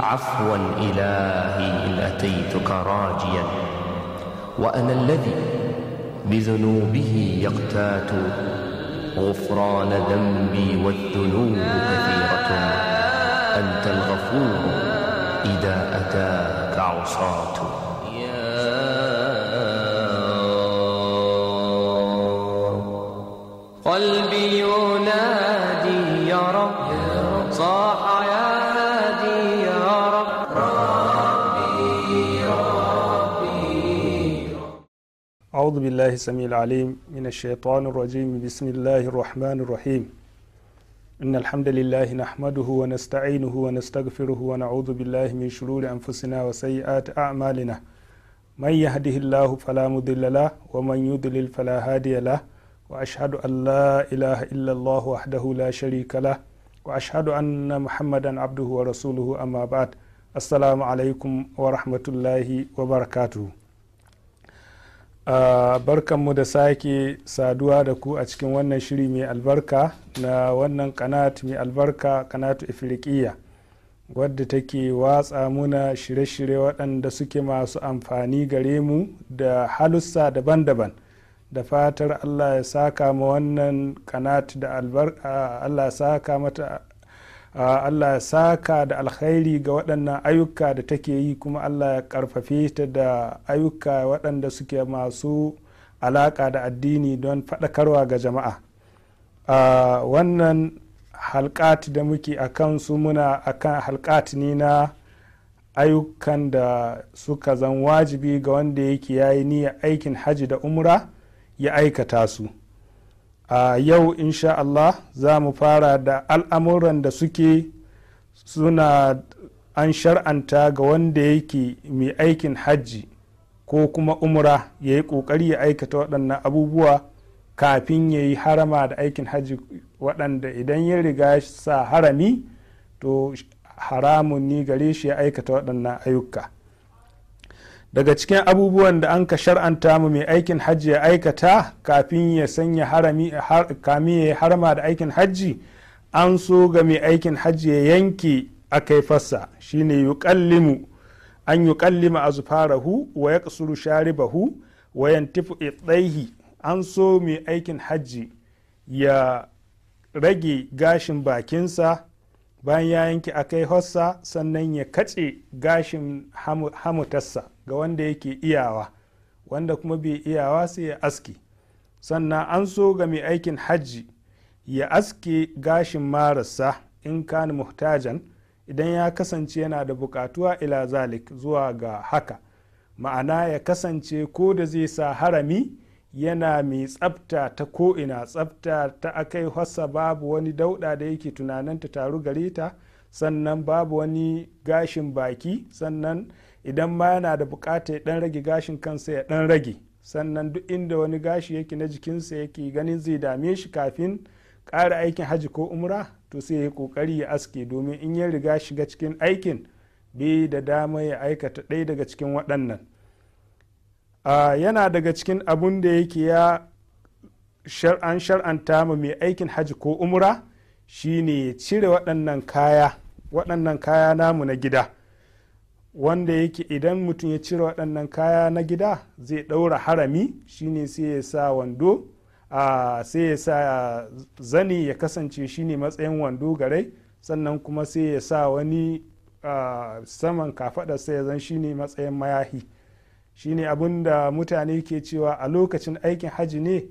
عفوا إلهي إن أتيتك راجيا وأنا الذي بذنوبه يقتات غفران ذنبي والذنوب كثيرة أنت الغفور إذا أتاك عصاته قلبي أعوذ بالله السميع العليم من الشيطان الرجيم بسم الله الرحمن الرحيم إن الحمد لله نحمده ونستعينه ونستغفره ونعوذ بالله من شرور أنفسنا وسيئات أعمالنا من يهده الله فلا مضل له ومن يضلل فلا هادي له وأشهد أن لا إله إلا الله وحده لا شريك له وأشهد أن محمدا عبده ورسوله أما بعد السلام عليكم ورحمة الله وبركاته barkanmu da sake saduwa da ku a cikin wannan shiri mai albarka na wannan kanat mai albarka kanatu afirikiya wadda take watsa muna shirye-shirye waɗanda suke masu amfani gare mu da halussa daban-daban da fatar allah ya saka ma wannan kanat da allah ya saka mata allah ya saka da alkhairi ga waɗannan ayyuka da take yi kuma allah ya ƙarfafi ta da ayyuka waɗanda suke masu alaƙa da addini don faɗakarwa ga jama'a wannan halƙati da muke a kan su muna a kan halƙati ni na ayyukan da suka zan wajibi ga wanda yake yayi niyyar aikin hajji da umra ya aikata su a yau insha Allah za mu fara da al'amuran da suke suna an shar'anta ga wanda yake mai aikin hajji ko kuma umra ya yi ƙoƙari ya aikata waɗannan abubuwa kafin ya yi harama da aikin hajji waɗanda idan ya riga sa harami to haramun ni gare shi ya aikata waɗannan ayyuka. daga cikin abubuwan da an ka shar'anta mu mai aikin hajji ya aikata kafin ya sanya harami kamin ya harma da aikin hajji an so ga mai aikin hajji ya yanke a kai kaifarsa shine kallimu an yuqallima azfarahu wa ya yaqsuru sharibahu wa yantifu idaihi an so mai aikin hajji ya rage gashin bakinsa bayan ya yanke a kai hossa sannan ya katse gashin hamutarsa ga wanda yake iyawa wanda kuma bai iyawa sai ya aski sannan an so ga mai aikin hajji ya aske gashin marasa in kan muhtajan idan ya kasance yana da bukatuwa ila zalik zuwa ga haka ma'ana ya kasance ko da zai sa harami yana mai tsafta ta ko'ina tsafta ta akai hasa babu wani dauda da yake tunanin ta taru gare ta sannan babu wani gashin baki sannan idan ma yana da bukata ya dan rage gashin kansa ya dan rage sannan duk inda wani gashi yake na jikinsa yake ganin zai dame shi kafin ƙara aikin hajji ko umra to sai ya kokari ya aske domin in ya riga shiga cikin aikin bai da dama ya aikata ɗaya daga cikin waɗannan Ah, yana daga cikin abun da yake ya shar'an shar'anta ma mai aikin hajji ko umra shine ya cire waɗannan kaya waɗannan kaya namu na gida wanda yake idan mutum ya cire waɗannan kaya na gida zai ɗaura harami shine sai ya sa wando ah, sai ya sa zani ya kasance shine matsayin wando garai sannan kuma sai ya sa wani ah, saman kafaɗa sai ya zan shine matsayin mayahi shine abin da mutane ke cewa a lokacin aikin haji ne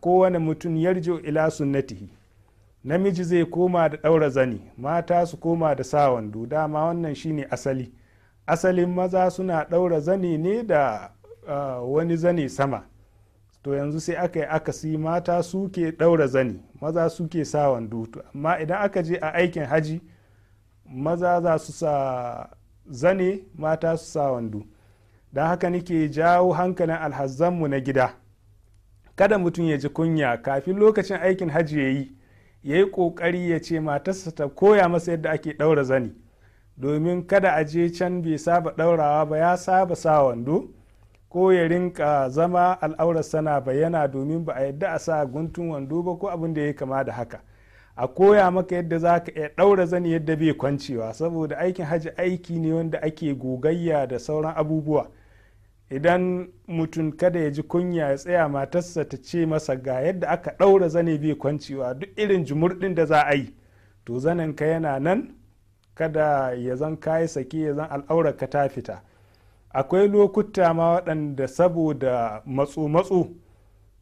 kowane mutum yarjo ila sunnatihi namiji zai koma da daura zani mata su koma da sa wando dama wannan shine asali asalin maza suna daura zani ne da uh, wani zani sama to yanzu sai aka yi akasi mata suke daura zani maza suke sa wando amma idan aka je a aikin haji maza za su sa zane mata su sa wando da haka nake jawo hankalin alhazzanmu na gida kada mutum ya ji kunya kafin lokacin aikin hajji ya yi ya yi ƙoƙari ya ce matarsa ta koya masa yadda ake ɗaura zani domin kada a je can bai saba ɗaurawa ba ya saba sa wando ko ya rinka zama al'aurar sana bayyana domin ba a yadda a sa guntun wando ba ko abin da ya kama da haka a koya maka yadda za ka iya ɗaura zani yadda bai kwancewa saboda aikin hajji aiki ne wanda ake gogayya da sauran abubuwa idan mutum kada ya ji kunya ya tsaya matarsa ta ce masa ga yadda aka ɗaura zane bai kwancewa duk irin jumurɗin da za a yi to ka yana nan kada ya zan kayi sake ya zan al'aurarka ta fita akwai lokuta ma waɗanda saboda matsu-matsu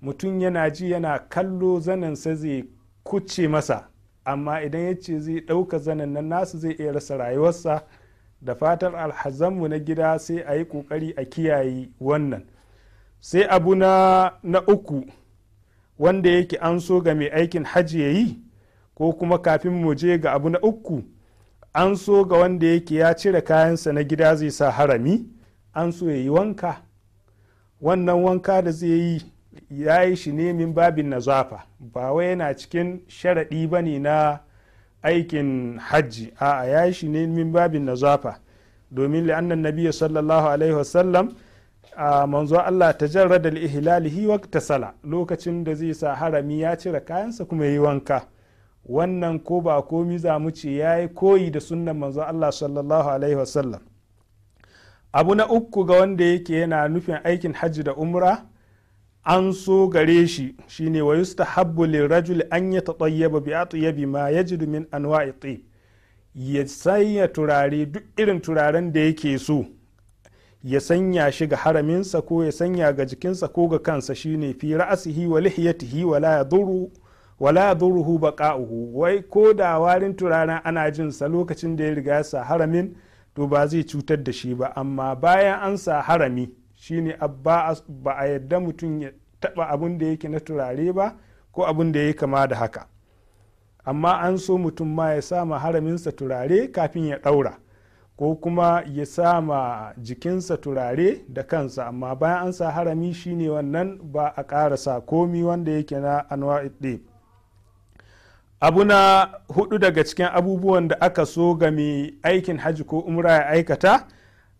mutum yana ji yana kallo zanen sa zai kuce masa amma idan ya ce zai ɗauka zanen nan nasu zai iya rasa rayuwarsa da fatan alhazanmu na gida sai a yi ƙoƙari a kiyaye wannan sai abu na, uku wanda yake an so ga mai aikin hajji ya yi ko kuma kafin mu je ga abu na uku an so ga wanda yake ya cire kayansa na gida zai sa harami an so ya yi wanka wannan wanka da zai yi ya yi shi ne min na zafa ba wai yana cikin sharaɗi ba ne na aikin hajji a ya shi ne min babin nazafa domin li'annan nabiya sallallahu alaihi wasallam a manzo Allah ta jarrada ihlalihi wakta sala lokacin da zai sa harami ya cire kayansa kuma yi wanka wannan ko ba komi za mu ce ya yi koyi da sunnan manzo Allah sallallahu alaihi wasallam abu na uku ga wanda yake yana nufin aikin hajji da umra an so gare shi shine wa yustahabbu rajul an yatatayyaba bi yabi ma dumin an wa tib ya sanya turare duk irin turaren da yake so ya sanya shi ga haraminsa ko ya sanya ga jikinsa ko ga kansa shine fi ra'asihi wa lihiyatihi wa la yadurru wala yadurruhu baqa'uhu wai ko da warin turaren ana jin sa lokacin da ya riga sa haramin to ba zai cutar da shi ba amma bayan an sa harami shine ba a yadda mutum ya taba abin da yake na turare ba ko abin da ya kama da haka amma an so mutum ma ya sama haraminsa turare kafin ya ɗaura ko kuma ya sama jikinsa turare da kansa amma bayan an sa harami shine wannan ba a ƙarasa komi wanda yake na ɗe abu na hudu daga cikin abubuwan da aka so ga mai aikin hajji ko umra ya aikata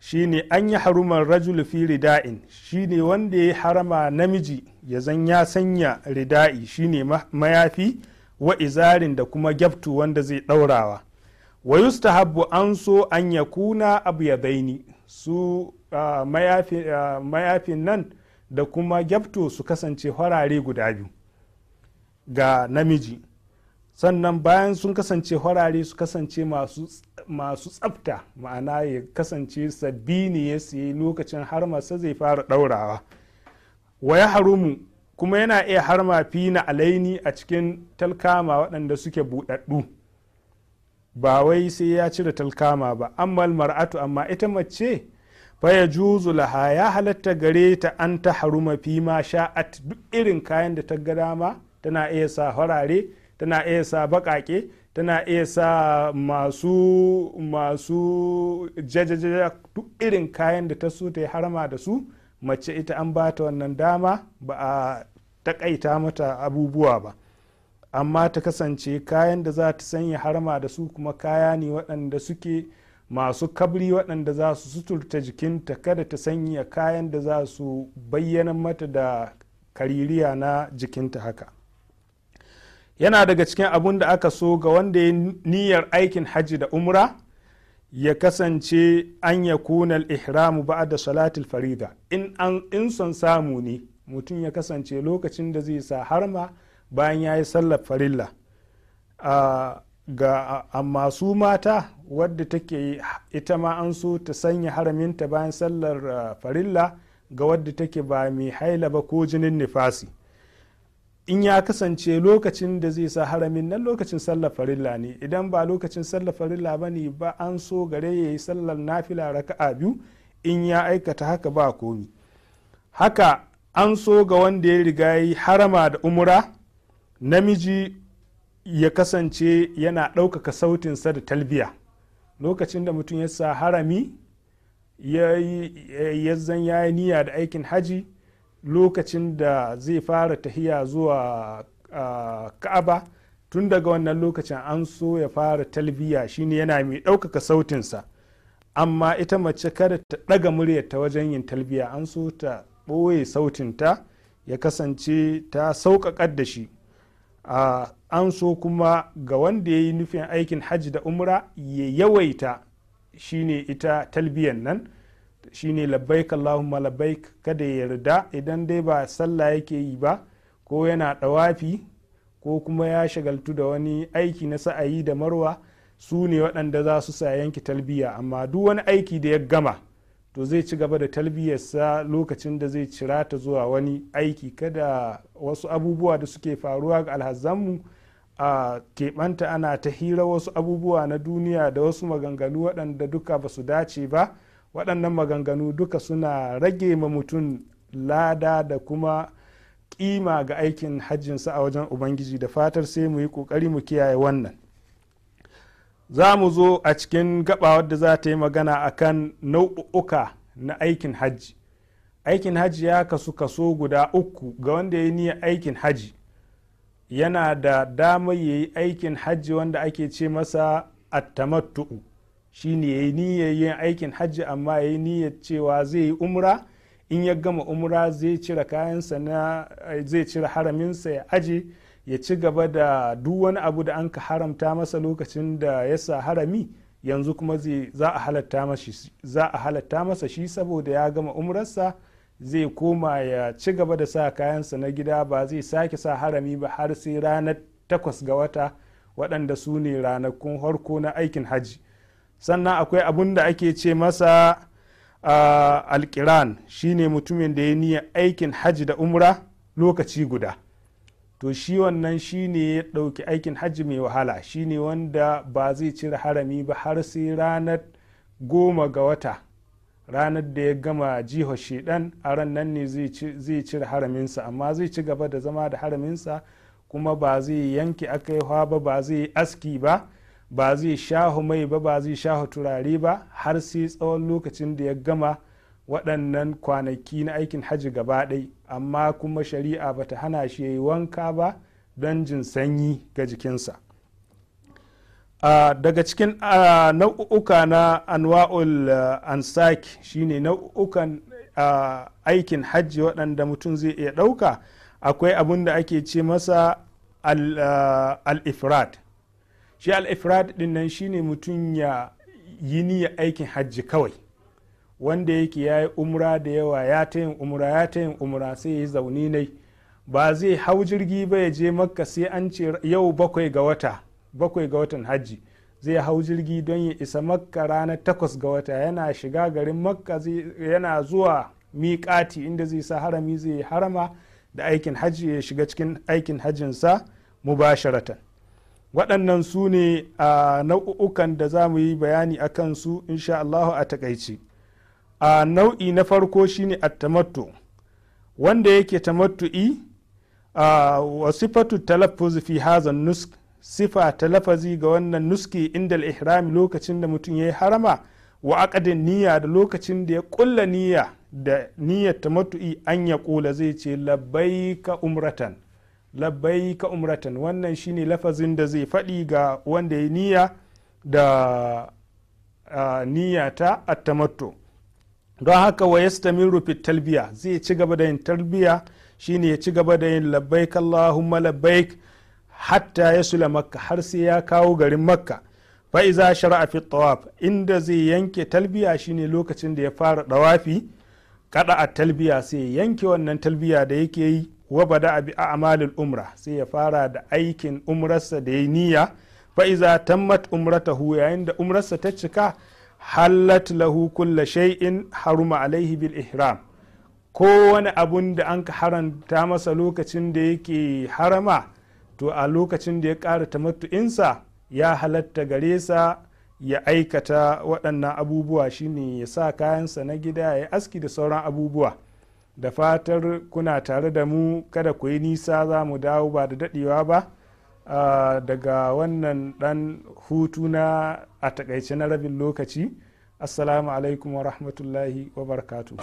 shine an yi haruman rajul fi rida'in shine wanda ya yi harama namiji ya zan ya sanya rida'i shine mayafi wa izarin da kuma gyaftu wanda zai ɗaurawa wa yustahabbu an so an ya kuna abu ya baini su uh, mayafin mayafi nan da kuma gyaftu su kasance farare guda biyu ga namiji sannan bayan sun kasance horare su kasance masu tsafta ma'ana ya kasance sabbi ne ya siye lokacin harmasa zai fara ɗaurawa waya harumu kuma yana iya harma fi na alaini a cikin talkama waɗanda suke buɗaɗɗu ba wai sai ya cire talkama ba amma mar'atu amma ita mace faya juzu laha ya halatta gare ta an ta haruma fi ma sha'at duk irin kayan da ta ga dama tana iya sa horare tana iya sa baƙaƙe tana iya sa masu masu jajajaja duk irin kayan da ta so ta yi harama da su mace ita an ba ta wannan dama ba a takaita mata abubuwa ba amma ta kasance kayan da za ta sanya harama da su kuma kaya ne waɗanda suke masu kabri waɗanda za su suturta jikinta kada ta sanya kayan da za su bayyana mata da kaririya na jikinta haka yana daga cikin abun da aka so ga wanda ya niyyar aikin hajji da umra ya kasance an ya kunal ihramu ba da salatul farida in an in son samu ne mutum ya kasance lokacin da zai sa harma bayan ya yi sallar farilla ga amma su mata wadda take ita ma an so ta sanya haraminta bayan sallar farilla ga wadda take ba mai haila ba ko jinin nifasi in ya kasance lokacin da zai sa haramin nan lokacin sallar farilla ne idan ba lokacin sallar farilla ba ne ba an so gare ya yi sallar nafila raka'a biyu in ya aikata haka ba komi haka an so ga wanda ya riga yi harama da umura namiji ya kasance yana ɗaukaka sautinsa da talbiya lokacin da mutum ya sa harami ya zan ya yi niyya da aikin haji lokacin da zai fara tahiya zuwa ka'aba tun daga wannan lokacin an so ya fara talbiya shine yana mai ɗaukaka sautinsa amma ita mace kada ta ɗaga muryarta wajen yin talbiya an so ta ɓoye sautinta ya kasance ta sauƙaƙa da shi an so kuma ga wanda ya yi nufin aikin hajji da umra ya yawaita shine ita talbiyan nan shine labbaik allahumma labbaik kada ya yarda idan dai ba sallah yake yi ba ko yana dawafi ko kuma ya shagaltu da wani aiki na sa'ayi da marwa su ne waɗanda za su sa yanki talbiya amma duk wani aiki da ya gama to zai ci gaba da talbiyarsa lokacin da zai cira ta zuwa wani aiki kada wasu abubuwa da suke faruwa ga alhazanmu a keɓanta ana ta hira wasu abubuwa na duniya da wasu maganganu waɗanda duka ba su dace ba waɗannan maganganu duka suna rage ma mutum lada da kuma kima ga aikin hajjinsa a wajen ubangiji da fatar sai mu yi ƙoƙari mu kiyaye wannan za mu zo a cikin gaba wadda za ta yi magana akan nau'uka na aikin hajji aikin hajji ya kasu kaso guda uku ga wanda ya niyyar aikin hajji yana da damar ya yi aikin hajji wanda ake ce masa attamattu'u shine ya yi niyyar yin aikin hajji amma ya yi niyyar cewa zai yi umra in ya gama umra zai cire kayansa na zai cire haraminsa ya aji ya ci gaba da duk wani abu da an ka haramta masa lokacin da ya sa harami yanzu kuma za a halatta masa shi saboda ya gama umrarsa zai koma ya ci gaba da sa kayansa na gida ba zai sake sa harami ba har sai ranar takwas ga wata waɗanda su ne ranakun harko na aikin hajji sannan akwai abun da ake ce masa alkiran shine mutumin da ya niya aikin hajji da umra lokaci guda to shi wannan shine ya ɗauki aikin hajji mai wahala shine wanda ba zai cire harami ba har sai ranar goma ga wata ranar da ya gama jiho shidan a ran nan ne zai cire haraminsa amma zai ci gaba da zama da haraminsa kuma ba zai yanke aka yi ba ba zai aski ba ba zai shahu mai ba ba zai shahu turare ba har sai tsawon lokacin da ya gama waɗannan kwanaki na aikin hajji gaba ɗai amma kuma shari'a ba ta hana shi yi wanka ba don jin sanyi ga jikinsa daga cikin nau'uka na anwa'ul ansak shine nau'ukan aikin hajji waɗanda mutum zai iya ɗauka akwai abin da ake ce masa al-ifrat shi al-ifrad din nan shine mutum ya yi niyya aikin hajji kawai wanda yake ya yi umra da yawa ya ta yin umra ya ta yin umra sai ya yi zauni nai ba zai hau jirgi ba ya je makka sai an ce yau bakwai ga wata bakwai ga watan hajji zai hau jirgi don ya isa makka rana takwas ga wata yana shiga garin makka yana zuwa miƙati inda zai sa harami zai harama da aikin hajji ya shiga cikin aikin hajjinsa mubasharatan waɗannan su ne a nau'ukan da za mu yi bayani a kansu insha Allahu a takaici a nau'i na farko shine attamattu wanda yake tamattu'i a wasifatu talaffuz fi hazan nusk sifa ta lafazi ga wannan nuski inda ihram lokacin da mutum ya yi harama wa akadin niyya da lokacin da ya kulla niyya da niyyar tamattu'i an ya kula zai ce labbaika umratan labbai ka umratan wannan shine lafazin da zai faɗi ga wanda ya niyya da niyya ta attamatto don haka wa yastamiru fi talbiya zai ci gaba da yin talbiya shine ya ci gaba da yin labbaik allahumma labbaik hatta ya sula makka har sai ya kawo garin makka fa iza shara'a fi tawaf inda zai yanke talbiya shine lokacin da ya fara dawafi kada a talbiya sai yanke wannan talbiya da yake yi wa bada bi amalin umra sai ya fara da aikin umrarsa da ya niyya fa iza tammat hu yayin da umrarsa ta cika hallat lahu kulla shay'in haruma alaihi bil ihram wani abun da an ka haranta masa lokacin da yake harama to a lokacin da ya ƙara tamattu'insa ya halatta gare sa ya aikata waɗannan abubuwa shine ya sa kayansa na gida ya aski da sauran abubuwa da fatar kuna tare da mu kada ku yi nisa za mu dawo ba da daɗewa ba daga wannan ɗan hutu na a takaice na rabin lokaci assalamu alaikum wa rahmatullahi wa barakatu.